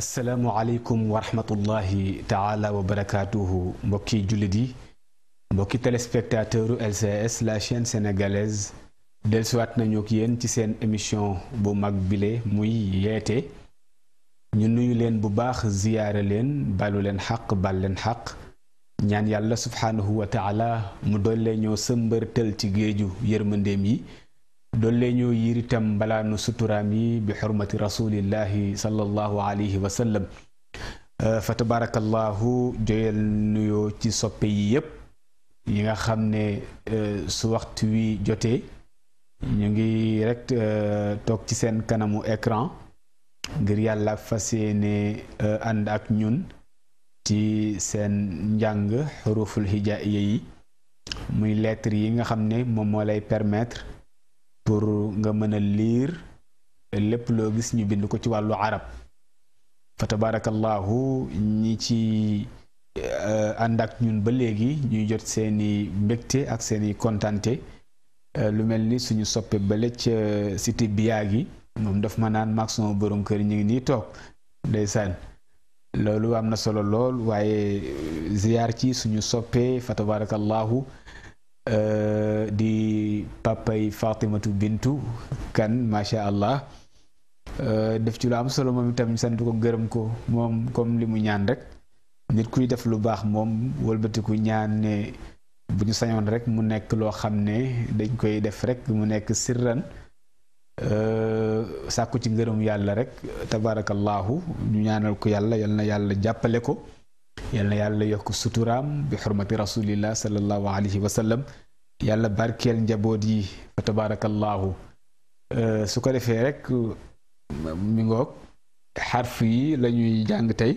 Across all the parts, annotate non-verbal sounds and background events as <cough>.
asalaamualeykum wa rahmatullahi taala wa barakaatuhu mbokki jullit yi mbokki téléspectateur LCS la chaine sénégalaise dellusiwaat nañu ak yéen ci seen émission bu mag bile muy yeete ñu nuyu leen bu baax ziyaare leen balu leen xaq bal leen xaq ñaan yàlla subhaanahu wa taala mu dolle ñoo sëmbërtël ci géeju yërmandeem yi dolle ñu yiir itam balaa nu suturaam yi bi xurmati rasulillahi sallallahu alayhi wa euh, fa tabarakallahu joyal nuyoo ci soppe yi yépp yi nga xam ne euh, su waxtu wi jotee ñu ngi rek euh, toog ci seen kanamu écran ngir yàlla fas yéene ànd ak ñun ci seen njàng xuruful hijaiya yi muy lettre yi nga xam ne moom moo lay permettre pour nga mën a liir lépp loo gis ñu bind ko ci wàllu arab fa tabaarakallaahu ñi ci eh, ànd ak ñun ba léegi ñuy jot seeni mbégte ak seeni kontante eh, lu mel ni suñu soppe bale ca eh, cité biyaa gi moom daf ma naan maag sama borom kër ñu ngi nii toog ndeysaan loolu am na solo lool waaye ziyaar ci suñu soppe fa tabaarakallaahu Euh, di papay Fatimatu Bintu Kan macha allah euh, def ci lu am solo moom itam sant ko gërëm ko moom comme li mu ñaan rek nit kuy def lu baax moom walbatiku ñaan ne bu ñu sañoon rek mu nekk loo xam ne dañ koy def rek mu nekk sirran euh, sàkku ci ngërëm yàlla rek tabaarakallaahu ñu ñaanal ko yàlla yal na yàlla jàppale ko. yal na yàlla yokk suturaam bi xurmati rasulillah sallallahu alayhi wa sallam yàlla barkeel njaboot yi fa tabaarakallaahu su ko defee rek mi ngoog xarf yi la ñuy jàng tey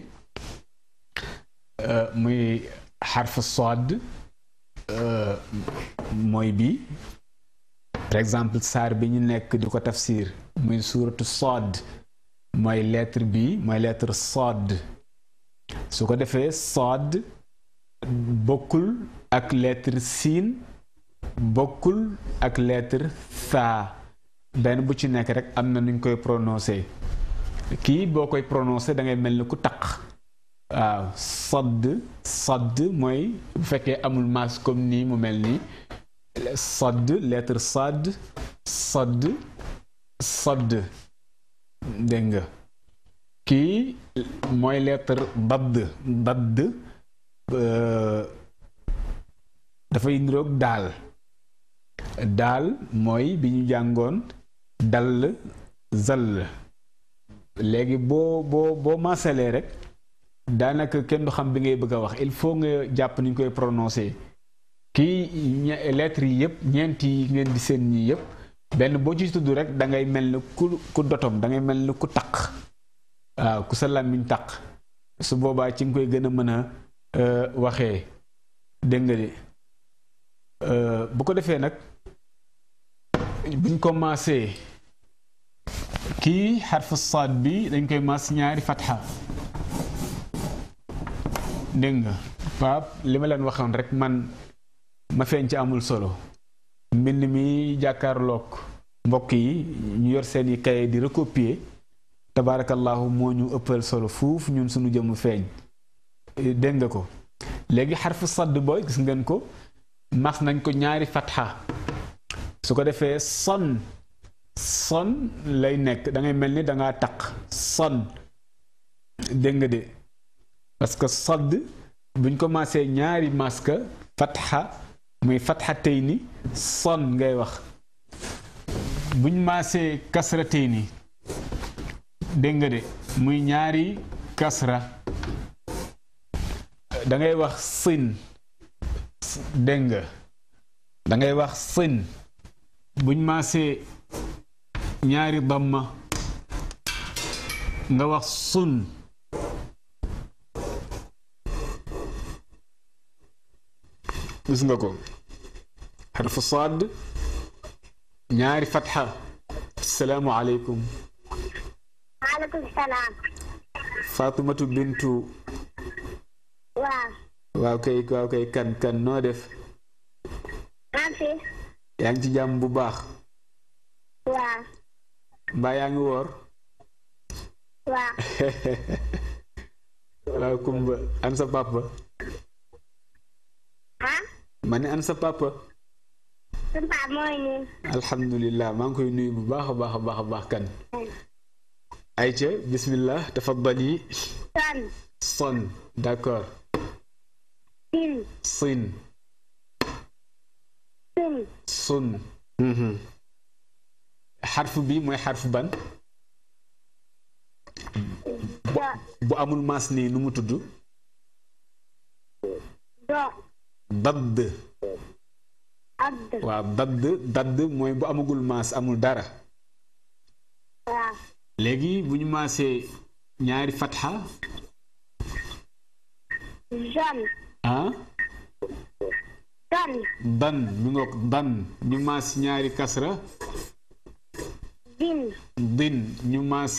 muy xarf sood mooy bi par exemple saar bi ñu nekk di tafsir muy suuratu sood mooy lettre bi mooy lettre sood su ko defee saad bokkul ak lettre siin bokkul ak lettre thaa benn bu ci nekk rek am na nuñ koy prononcé kii boo koy prononcé da ngay mel ni ku taq waaw sadd sadd mooy bu fekkee amul maas comme nii mu mel nii sadd lettre sadd sadd sadd dégg nga kii mooy lettre badd badd euh, dafay niroog daal daal mooy bi ñu jàngoon dall zall léegi boo boo boo maasalee rek daanaka kenn du xam bi ngay bëgg a wax il faut nga jàpp ni ñu koy prononcer kii lettres yi yëpp ñeent yi ngeen di seen ñii yëpp benn boo ci tudd rek da ngay mel ni ku ku dotom da mel ni ku taq waaw ku sa làmmiñ taq su boobaa ci nga koy gën a mën a euh, waxee dégg nga di euh, bu ko defee nag buñ ko maasee kii xarfu saad bi dañ koy maas ñaari fatxa dégg nga paap li ma leen waxoon rek man ma feeñ ci amul solo mbind mi jàkkaarloog mbokk yi ñu yor seeni i kaye di recopier tabaarakallaahu moo ñu ëppal solo foofu ñun suñu jëmu feeñ dégg nga ko léegi xarfu sadd booy gis ngeen ko mas nañ ko ñaari fatxa su ko defee son son lay nekk da ngay mel ni dangaa taq son dégg nga de parce que sadd buñ ko maasee ñaari maska fatxa muy fatxa tey ni son ngay wax buñ maasee kasra tey ni dégg de muy ñaari kasra dangay wax sin dégg nga da ngay wax sën buñ maasee ñaari damma nga wax sun gis nga ko xarfu saad ñaari fatxa asalaamu aleykum Fatimatu Bintu. Wa. Wa kay waaw kay kan kan no def. Nanti. Yang ci jam bu bax. Wa. Ba yang wor. Wa. waaw. <laughs> Kumba an sa papa. ah. Mane an sa papa. sa papa moy ni. Alhamdulillah, mang koy nuyu bu baax a baax a kan. ayca bismillah tafaddali son son d'accord sin sin sun mhm. xarf bi mooy xarf ban bu amul maas nii lu mu tudd dadd waaw dadd dadd mooy bu amagul maas amul dara legi buñu masé ñaari fatha jam ah dan dan ñu ngoog dan ñu mas ñaari kasra din din ñu mas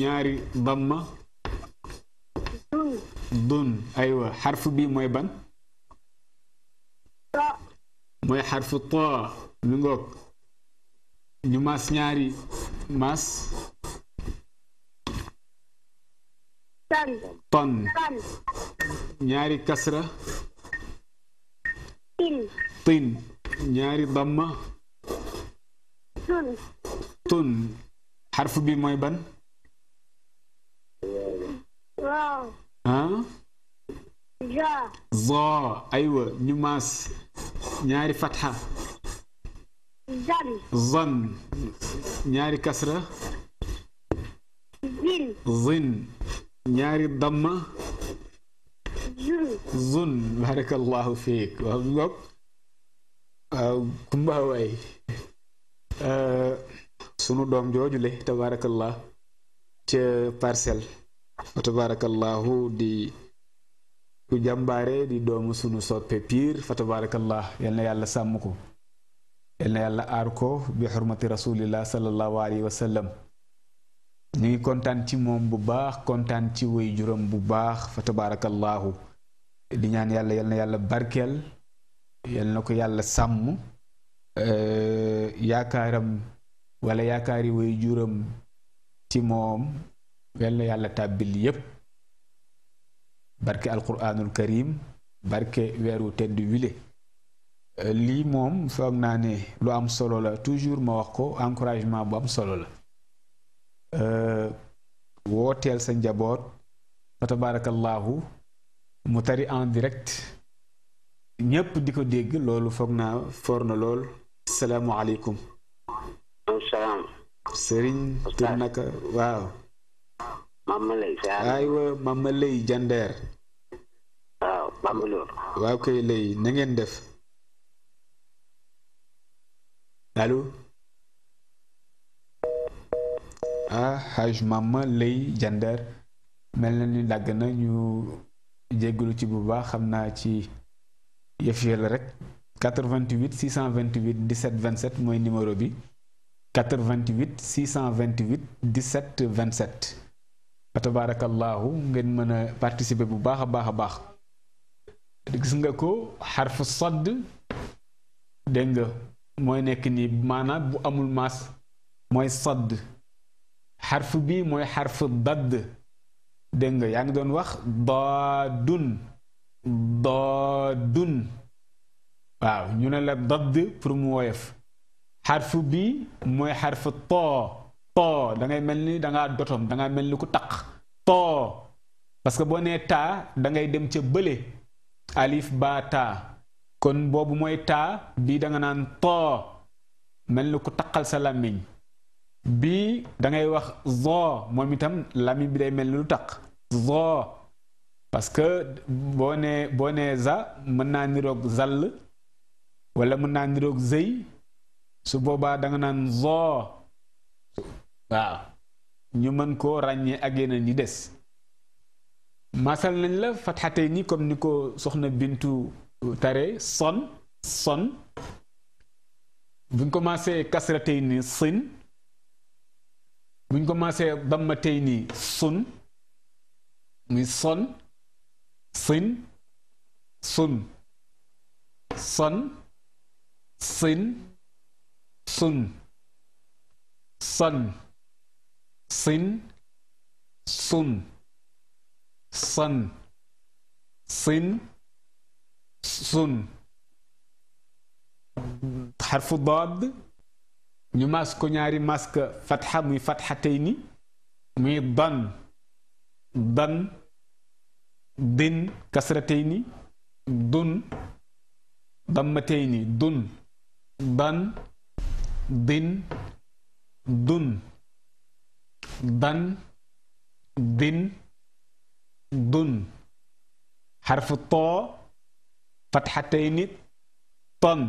ñaari damma dun dun aywa harf bi moy ban moy harf ta ñu ngoog ñu mas ñaari mas tan nyari kasra tin nyari damma tun harf bi mooy ban ah Za. aywa ñu maas Nyari fatha zan nyari kasra zin ñaari damma zun barakallahu fiik waaw sunu doom jooju le tabaarakallah ca parcelle wa tabaarakallahu di ku di doomu sunu soppe piir fa tabaarakallah yal na yàlla sàmm ko yal na yàlla aar ko bi xurmati rasulillah ñu ngi kontaan ci moom bu baax kontaan ci wéy juróom bu baax fa tabaarakallaahu di ñaan yàlla yal na yàlla barkeel yal na ko yàlla sàmm yaakaaram wala yaakaari wéy juróom ci moom yal na yàlla tàbbil yépp barke alquraanul karim barke weeru tedd wile lii moom foog naa ne lu am solo la toujours ma wax ko encouragement bu am solo la Euh, wooteel sa njaboot fa tabaarakallaahu mu tari en direct ñépp di ko dégg loolu foog naa foor na lool salaamualeykum salaam sëriñ tur naka waaw Mama Lay aywa Mama waaw Mama Lay waaw koy lay na ngeen def allo ah xaj mama lëy jander mel na ni dàgg na ñu jéggalu ci bu baax xam naa ci yëf rek 88 628 17 27 mooy numéro bi 88 628 17 27 fa tabaarakallaahu ngeen mën a participer bu baax a baax a baax gis nga ko xarfu sodd dégg nga mooy nekk nii maanaam bu amul maas mooy sodd xarf bi mooy xarf dadd dégg nga yaa ngi doon wax daadun daadun waaw ñu ne la dadd pour mu woyof xarf bi mooy xarf too too da ngay mel ni danga ngaa dotom da ngaa mel ni ku taq too parce que boo nee taa dangay dem ca bële alif ba taa kon boobu mooy taa bii danga naan too mel ni ku taqal sa làmmiñ bii dangay wax zo moom itam lami bi day mel ni lu taq zo parce que boo nee za mën naa niroog zàll wala mën naa niroog zëy su boobaa danga naan zo waaw ñu mën koo ràññee ak yeneen yi des masal nañ la fatxatey nii comme ni ko soxna bintu tare son son buñ commencé kasratey ni sin buñ commencé ma tey ni sun muy son sin sun son sin sun son sin sun son sin sun حرف الضاد ñu mas ko ñaari masque fatha muy fatxatayni muy ban ban din kasratayni dun dammatayni dun ban din dun ban din دن حرف الطاء فتحتين طن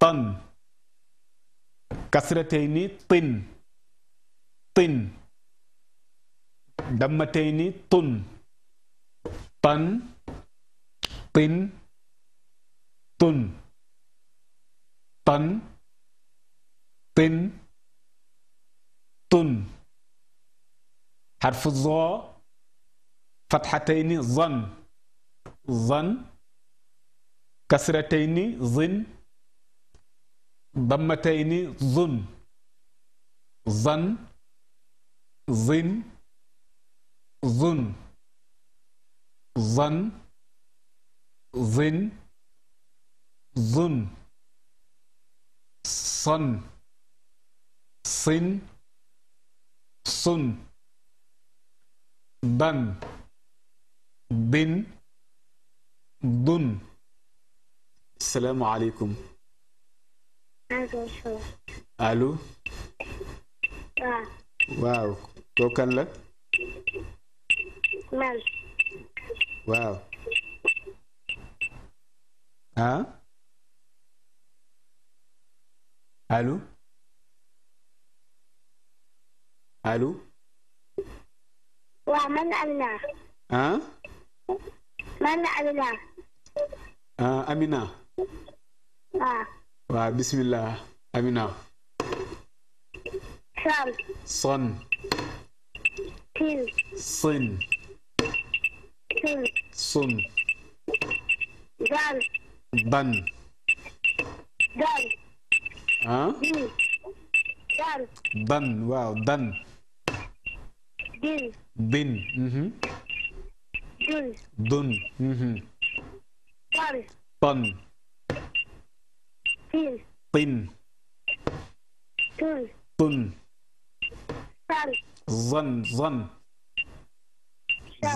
طن كسرتين طن طن دمتيني طن طن طن طن طن طن طن حرف الظاء فتحتين ظن ظن كسرتين ظن ضمتين ظن ظن ظن ظن ظن ظن ظن صن صن صن بن بن ضن السلام عليكم allo. waaw. waaw kooku kan la. man. waaw. ah. allo. allo. waaw man la Amina. ah. man la Amina. ah Amina. waaw. Ah. بسم الله أمينة سال صن صن صن صن صن دال بن دال ها دال بن واو دن دل بن مه. دل دن مه. دل بن طن طن ظن ظن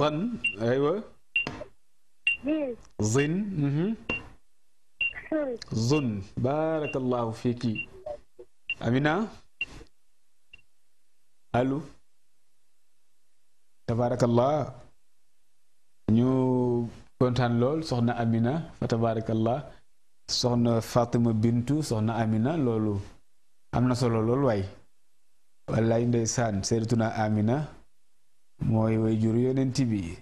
ظن ايوه زن ظن بارك الله فيك امينه الو تبارك الله نيو كونتان لول سخنا امينه فتبارك الله soxna Fatima Bintu soxna Amina lolu amna solo lolu way wallahi ndeysaan Sayyidatuna Amina moy way jur yonent bi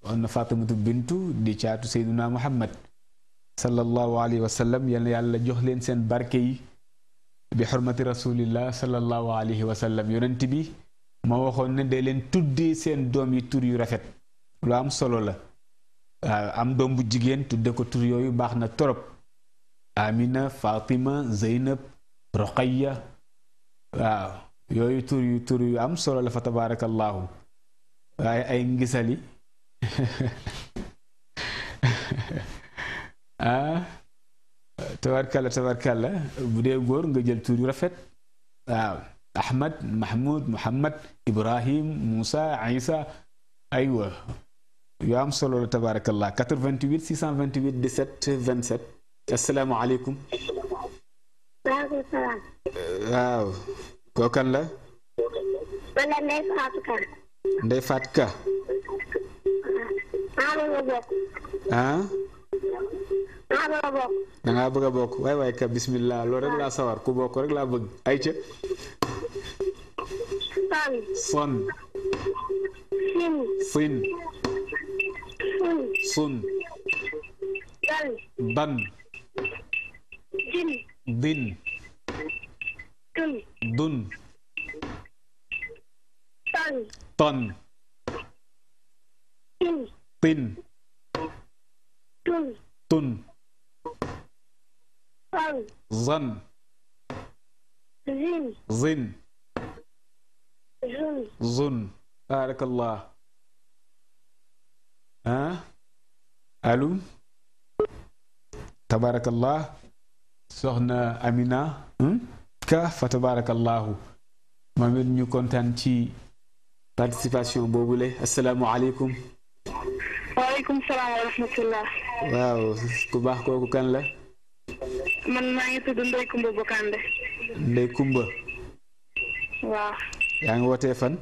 soxna fatima Bintu di chatu sayyiduna Muhammad sallallahu alayhi wa sallam yal yàlla jox len sen barke yi bi xurmati rasulillah sallallahu alayhi wa sallam yonent bi ma waxoon ne day leen tuddee seen doom yi tur yu rafet lu am solo la Euh, am doom bu jigéen tudde ko tur yooyu baax na torop amina fatima zeynab roqaya waaw yooyu tur yu tur yu am solo la fa tabaarakallaahu waaye ay ngisali <laughs> ah tabarkalla tabarkalla bu dee góor nga jël tur yu rafet waaw ahmad mahmud muhammad ibrahim moussa aywa yu am solo la tabaarakallah 88 628 17 27 asalaamaaleykum. waaleykum salaam. Euh, waaw. kookan la. man la Ndeye Ka. Ndeye Fatou Ka. maa bëgg a bokk. ah. maa bëgg bokk. da bëgg bokk waay waay ka bismillah loolu rek laa sawar ku bokk rek laa bëgg ayca. son. son. sin. sin. صن بل بن جن ضن دن دن طن طن طن طن طن طن طن ظن زن زن زن بارك الله ها allo tabarakallah soxna amina ka fa tabarakallahu moom it ñu kontaan ci participation boobule asalaamualeykum waaleykum salam wa rahmatullah waaw ku baax kooku kan la man maa ngi tudd Ndey Kumba Bokande Ndey Kumba waaw yaa ngi wootee fan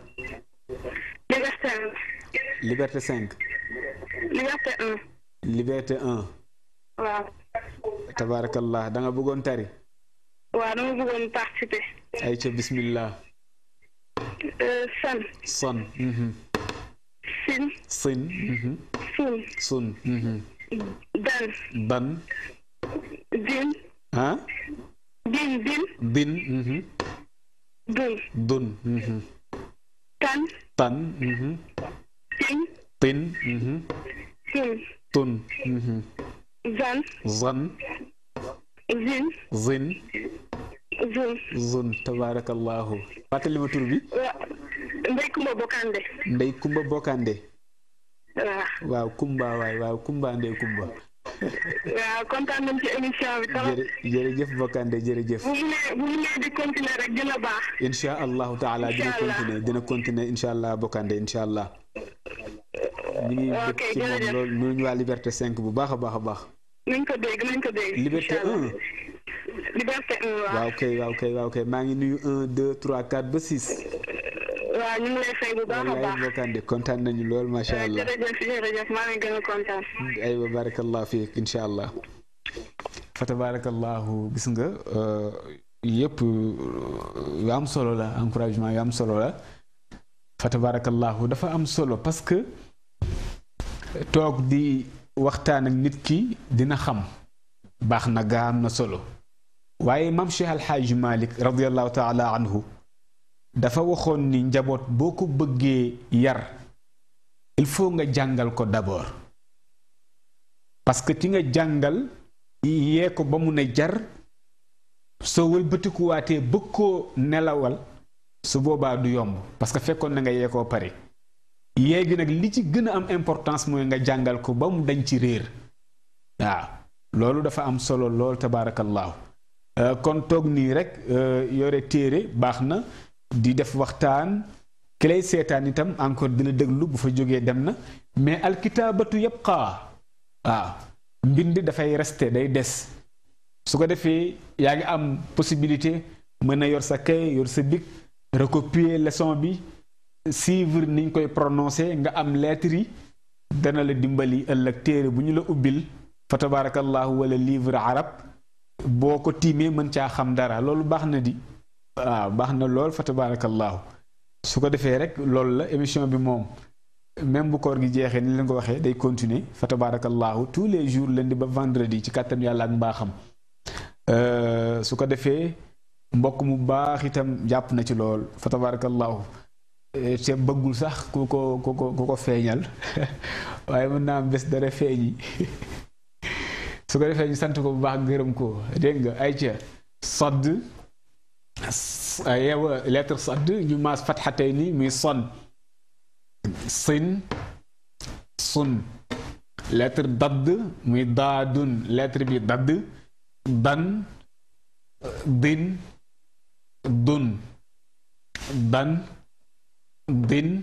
Liberté 5 Liberté 5 Liberté 1. Liberté 1. waaw. tabaarakallah da bëggoon tari. waaw dama bëggoon participer. ayca bismillah. Euh, san. son. Mhm. sin. sin. Mhm. sun. Mhm. dan. dan. din. ah. din din. din. dun. dun. tan. tan. tin. طن طن زن زن زن زن zun zun tabarakallahu fàttali ma tur bi ndey kumba bokkande ndey kumba bokkande waaw waaw kumba waay waaw kumba ndey kumba waaw kontaan nañ ci émission bi trop jërëjëf bokkande jërëjëf bu mu nee bu mu nee di continuer rek dina baax insha allahu taala dina continuer dina continuer insha allah bokkande insha allah ñu ngi bëgg waa Liberté 5 bu baax a baax a baax. nañ ko dégg nañ ko dégg. Liberté 1. Liberté 1 waaw. waaw kay waaw kay waaw kay maa ngi nuyu 1 2 3 4 ba 6. Euh, waaw ñu ngi lay fay bu baax a baax wallaay bokkande kontaan nañu lool macha euh, allah jërëjëf jërëjëf maa ngi gën a barakallahu fiik incha allah. fa tabarakallahu gis nga euh, yëpp yu am solo la encouragement yu am solo la fa tabarakallahu dafa am solo parce que. toog di waxtaan ak nit ki dina xam baax na gaa am na solo waaye maam Cheikh Alxaaji Malik radiallahu taala anhu dafa waxoon ni njaboot boo ko bëggee yar il faut nga jàngal ko d'abord parce que ki nga jàngal yee ko ba mu ne jar soo wëlbatikuwaatee bëgg koo nelawal su boobaa du yomb parce que fekkoon na nga yee koo pare yeey nag li ci gën a am importance mooy nga jàngal ko ba mu dañ ci réer waaw loolu dafa am solo lool tabaarakallaahu euh, kon toog nii rek euh, yore téere baax na di def waxtaan ki seetaan itam encore dina déglu bu fa jógee dem na mais alkitaabatu yabqaa waaw mbind dafay reste day des su ko defee yaa ngi am possibilité mën na yor sa kay yor sa bic recopier leçon bi suivre niñ koy prononcer nga am lettre yi dana la dimbali ëllëg téere bu ñu la ubbil fa tabarakallahu wala livre arab boo ko tiimee mën caa xam dara loolu baax na di waaw baax na lool fa tabarakallahu su ko defee rek loolu la émission bi moom même bu koor gi jeexee ni leen ko waxee day continuer fa tabarakallahu tous les jours lundi ba vendredi ci kàttan yàlla ak mbaaxam euh, su ko defee mbokk mu baax itam jàpp na ci lool fa tabarakallahu te eh, bëggul sax ku ko ku ko ku ko feeñal <laughs> waaye mën naa bés dara feñi <laughs> su ko feñi sant ko bu baax gërëm ko dégg nga ay ci sadd lettre sadd ñu son sin sun lettre dadd muy dadun lettre bi dadd dan din dun dan bin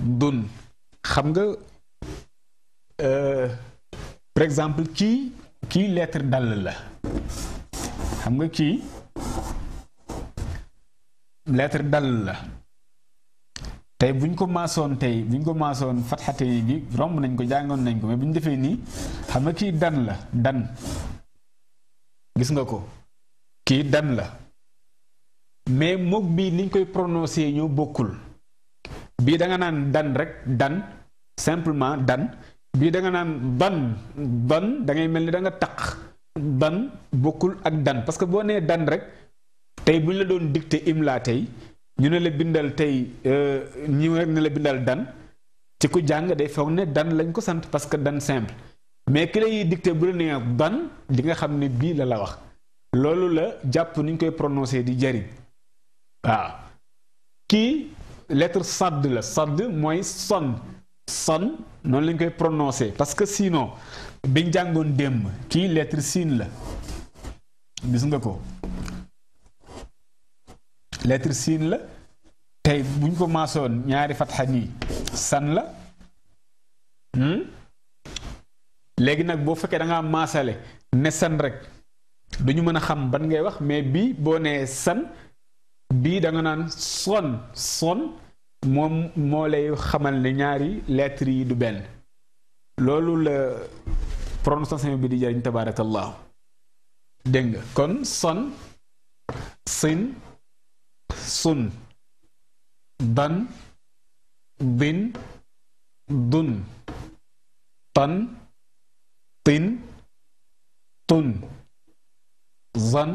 dun xam nga euh, par exemple kii kii lettre dàll la xam nga kii lettre dàll la tey buñ ko maasoon tey bu ñu ko maasoon fatxate bi romb nañ ko jàngoon nañ ko mais bu ñu defee nii xam nga kii dan la dan gis nga ko kii dan la mais moog bii niñ koy prononcé ñoo bokkul bii da nga naan dan rek dan simplement dan bii da nga naan ban ban da ngay mel ni da nga taq ban bokkul ak dan parce que boo nee dan rek tey bu ñu la doon dicté imla tey ñu ne la bindal tey euh, ñi rek ne la bindal dan ci ku jàng day foog ne dan lañ ko sant parce que dan simple mais ki lay dicté bu la nee ban di nga xam ne bii la la wax loolu la jàpp ni ñu koy prononcé di jariñ waaw kii lettre sadd la sadd mooy son son noonu lañ koy prononcé parce que sinon biñ jàngoon démb kii lettre siin la gis nga ko lettre siin la tey buñ ko maasoon ñaari fatxa nii san la hmm? léegi nag boo fekkee da ngaa maasale ne san rek duñu mën a xam ban ngay wax mais bi boo nee san bi da nga naan son son moom moo lay xamal ne ñaari lettre yi du benn loolu la prononciation bi di jëriñ tabaarakallahu dégg kon son sin sun dan bin dun tan tin tun zan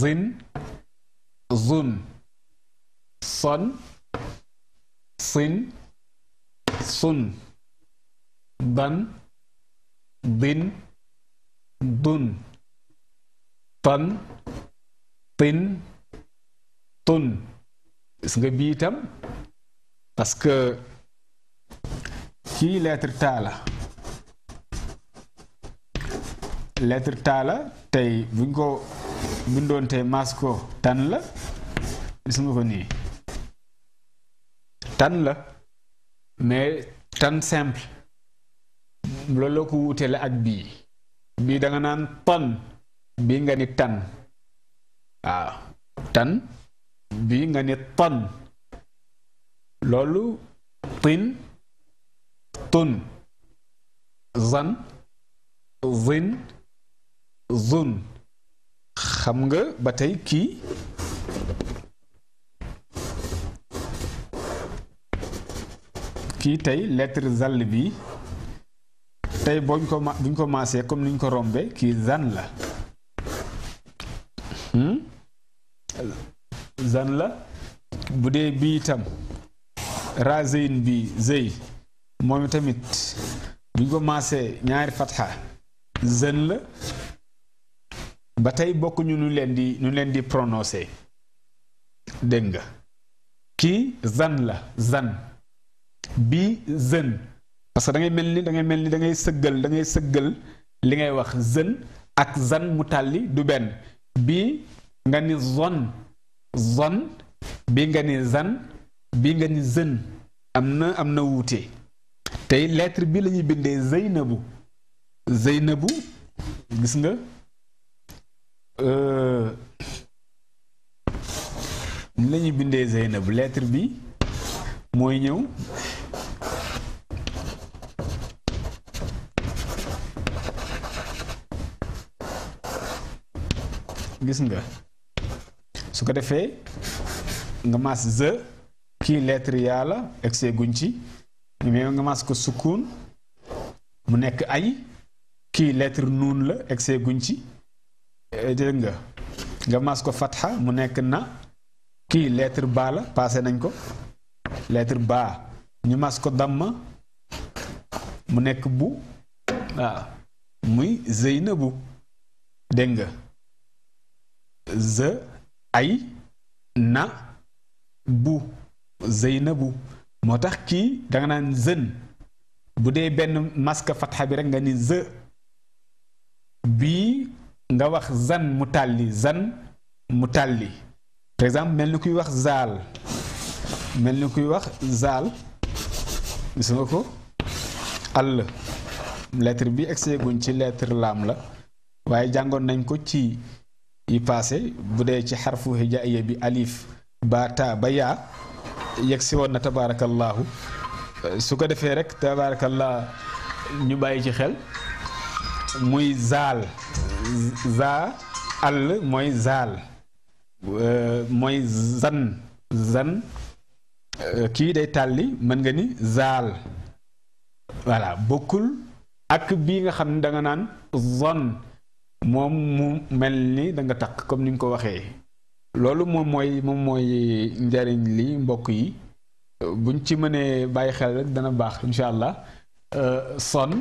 zin zun son sin sun dan din dun tan tin tun gis nga bii parce que kii lettre taa la lettre taa la tey buñ ko bindoon tey mas ko tan la gis nga ko nii tan la mais tan simple looloo ko wuutele ak bii bii danga naan tan bii nga ni tan waaw tan bii nga ni tan loolu tin tun zan zin zun xam nga ba tey kii fii tay lettre zall bi tay boñ ko buñ ko maasé comme niñ ko rombe ki zan la hmm? zan la bu dee bii itam razein bi zey moom tamit buñ ko maasé ñaari fatha zen la ba tey bokk ñu nu leen di nu leen di prononcé dégg nga kii zan la zan bi zen parce que da mel ni da ngay mel ni da ngay sëggal dangay sëggal li ngay wax zen ak zan mu tàlli du benn bi nga ni zon zon bi nga ni zan bi nga ni zen am na am na wuute tey lettre bi la ñuy bindee zeynabu zeynabu gis nga euh, ni la ñuy bindee zeynabu lettre bi mooy ñëw gis nga su ko defee nga mas kii leetr yaa la egsee guñ ci mais nga mas ko sukkuun mu nekk ay kii lettre nuun la egsee guñ ci eh, dégg nga nga mas ko fatxa mu nekk na kii lettre ba la passé nañ ko lettre baa ñu mas ko damma mu nekk bu waaw muy zeynabu dégg nga ze ay na bu zeynabu moo tax kii danga naan zën bu dee benn maska fatxa bi rek nga ni ze bii nga wax zan mu tàlli zan mu tàlli par exemple mel ni kuy wax zaal mel ni kuy wax zaal gis nga ko àll lettre bi egseeguñ ci lettre laam la waaye jàngoon nañ ko ci yi passé bu dee ci xarfu hijaaya bi alif ba ta ba yaa yegg si woon na tabaarakallaahu su ko defee rek tabaarakallah ñu bàyyi ci xel muy zaal za àll mooy zaal euh, mooy zan euh, kii day tàlli mën nga ni zaal voilà bokkul ak bii nga xam ne da naan zon moom mu mel ni danga takk comme ni nga ko waxee loolu moom mooy moom mooy njariñ li mbokk yi buñ ci mënee bàyyi xel rek dana baax incha allah euh, son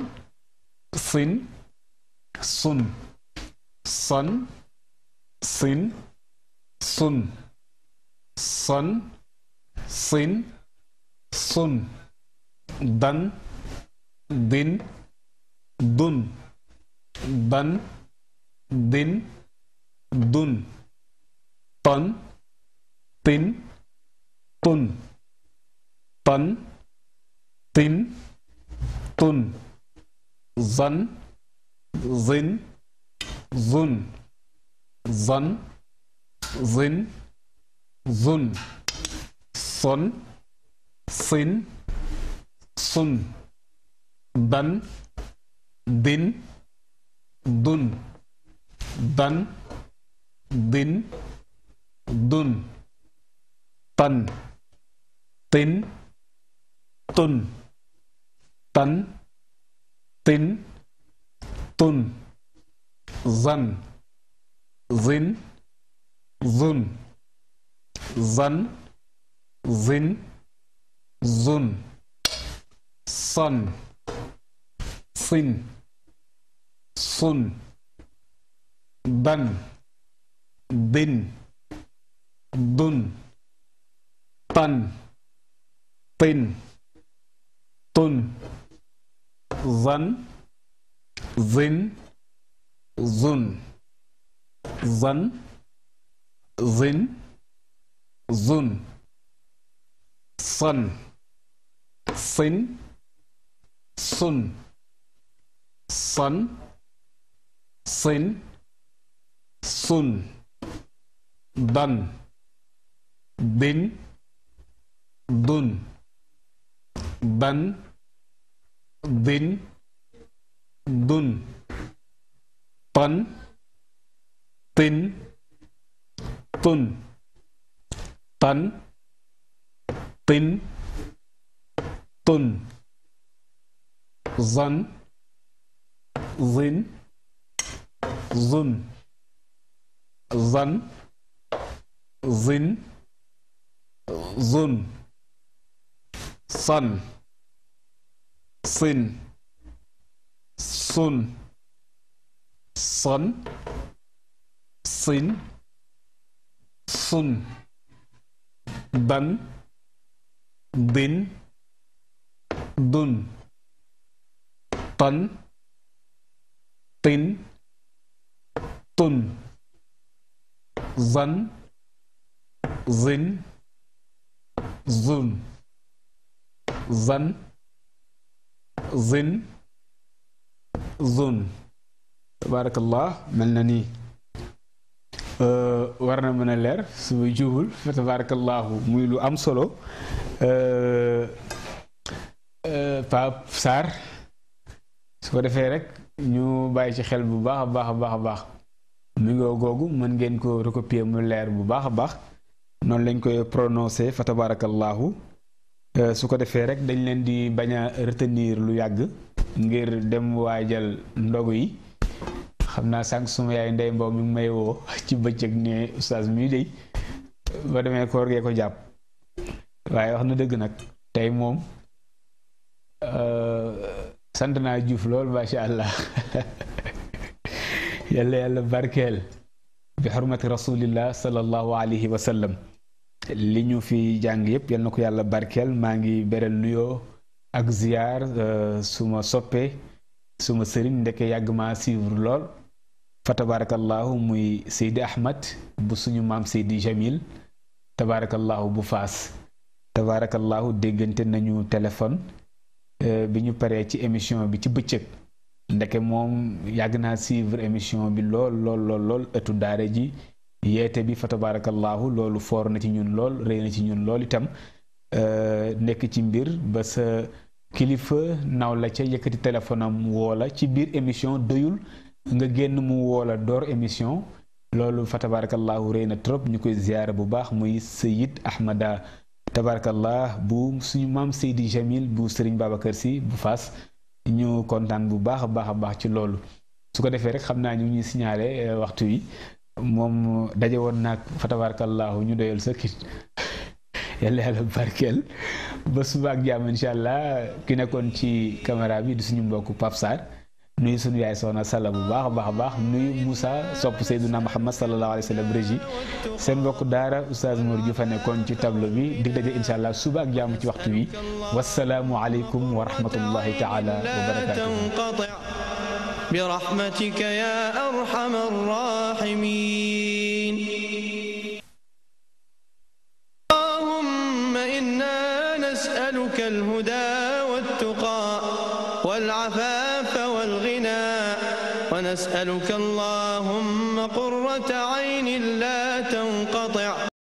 sin sun son sin sun son sin sun dan din dun dan दिन दुन तन तिन तुन तन तिन तुन जन जिन जुन जन जिन जुन सुन सिन सुन दन दिन दुन दन दिन दुन तन तिन तुन तन तिन तुन जन जिन जुन जन जिन जुन सन सिन सुन bần bin bun tan, tin tun dẫn dính dùn dẫn dính dùn sần xín sun, sấn sin sun done Din. dun ban Din. dun Tan. tin tun tấn tín tun Zan. Zin. Zun. ظن ظن ظن صن صن صن صن صن صن دن ضن ضن طن طن طن زن زن زن زن زن زن تبارك الله ملني أه، ورنا من الير سو جوبل فتبارك الله ميلو ام سولو ا أه، أه، باب سار سو ديفه رك ñu bàyyi ci xel bu baax a baax a baax a baax mi ngoo googu mën ngeen ko recopier mu leer bu baax a baax noonu lañ koy prononcé fa tabarakallahu euh, su ko defee rek dañ leen di bañ a retenir lu yàgg ngir dem waajal ndogu yi xam naa sànq suma yaay ndey mbaw mi ngi <laughs> ci bëccëg ne oustaz mii dey ba demee koor gee ko jàpp waaye wax na dëgg nag tey moom euh, sant naa Juuf lool macha allah <laughs> yàlla yàlla barkeel bi xurmati rasulillah sallallahu alayhi wa sallam li ñu fi jàng yëpp yal na ko yàlla barkeel maa ngi beral nuyoo ak ziar suma soppee suma sëriñ ndeke yàgg maa suivre lool fa tabarakallahu muy Seydi Ahmad bu suñu maam Seydi Jamil tabarakallahu bu faas tabarakallahu déggante nañu téléphone bi ñu paree ci émission bi ci bëccëg ndeke moom yàgg naa suivre émission bi lool lool lool lool ëttu daara ji yeete bi fa tabarakallahu loolu foor na ci ñun lool rëy na ci ñun lool itam euh, nekk ci mbir ba sa kilifa naw la ca yëkkati téléphone am woola ci biir émission doyul nga génn mu woola door émission loolu fa tabarakallahu rëy na trop ñu koy ziyaara bu baax muy Sayid Ahmada tabarakallah bu suñu maam Seydi Jamil bu Sëriñ Babacar Si bu Faas ñu kontaan bu baax a baax a baax ci loolu su ko defee rek xam naa ñu ngi ñuy signalé euh, waxtu yi moom daje woon naag fatabarakallaahu ñu doyal sa <laughs> yàlla yàlla barkeel ba suba ak jàmm allah ki nekkoon ci caméra bi di suñu mbokk Pape Sarr نوي سنو يا سونا سالا بو باخ باخ نوي موسى صوب سيدنا محمد صلى الله عليه وسلم رجي سين بوك دارا استاذ نور جوفا نيكون تي تابلو بي ان شاء الله صبا اك وقت وي والسلام عليكم ورحمه الله تعالى وبركاته برحمتك يا ارحم الراحمين اللهم انا نسالك الهدى